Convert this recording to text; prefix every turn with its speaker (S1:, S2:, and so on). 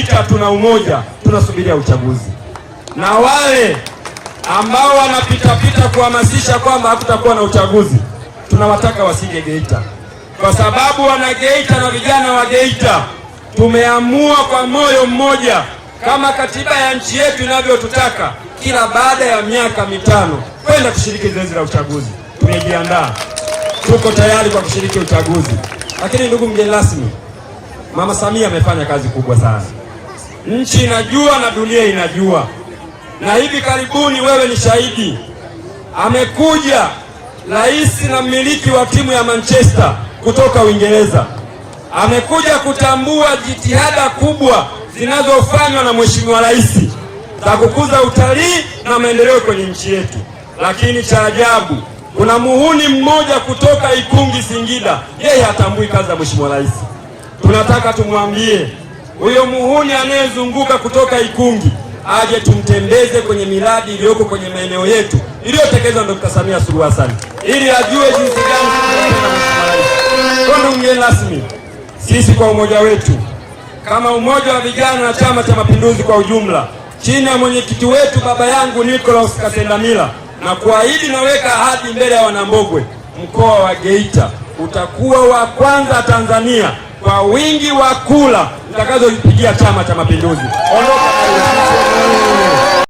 S1: licha tuna umoja, tunasubiria uchaguzi. Na wale ambao wanapitapita kuhamasisha kwamba hakutakuwa na uchaguzi, tunawataka wasije Geita, kwa sababu wana Geita na vijana wa Geita tumeamua kwa moyo mmoja, kama katiba ya nchi yetu inavyotutaka, kila baada ya miaka mitano kwenda kushiriki zoezi la uchaguzi. Tumejiandaa, tuko tayari kwa kushiriki uchaguzi. Lakini ndugu mgeni rasmi, Mama Samia amefanya kazi kubwa sana. Nchi inajua na dunia inajua, na hivi karibuni, wewe ni shahidi, amekuja rais na mmiliki wa timu ya Manchester kutoka Uingereza, amekuja kutambua jitihada kubwa zinazofanywa na mheshimiwa rais za kukuza utalii na maendeleo kwenye nchi yetu. Lakini cha ajabu, kuna muhuni mmoja kutoka Ikungi, Singida, yeye hatambui kazi za mheshimiwa rais. Tunataka tumwambie huyo muhuni anayezunguka kutoka Ikungi aje tumtembeze kwenye miradi iliyoko kwenye maeneo yetu iliyotekelezwa na Dkt. Samia Suluhu Hassan ili ajue jinsi gani. Ndugu mgeni rasmi, sisi kwa umoja wetu kama umoja wa vijana na Chama cha Mapinduzi kwa ujumla chini ya mwenyekiti wetu baba yangu Nicholas Kasendamila na kuahidi, naweka ahadi mbele ya Wanambogwe, mkoa wa Geita utakuwa wa kwanza Tanzania kwa wingi wa kula mtakazoipigia Chama cha Mapinduzi. Ondoka.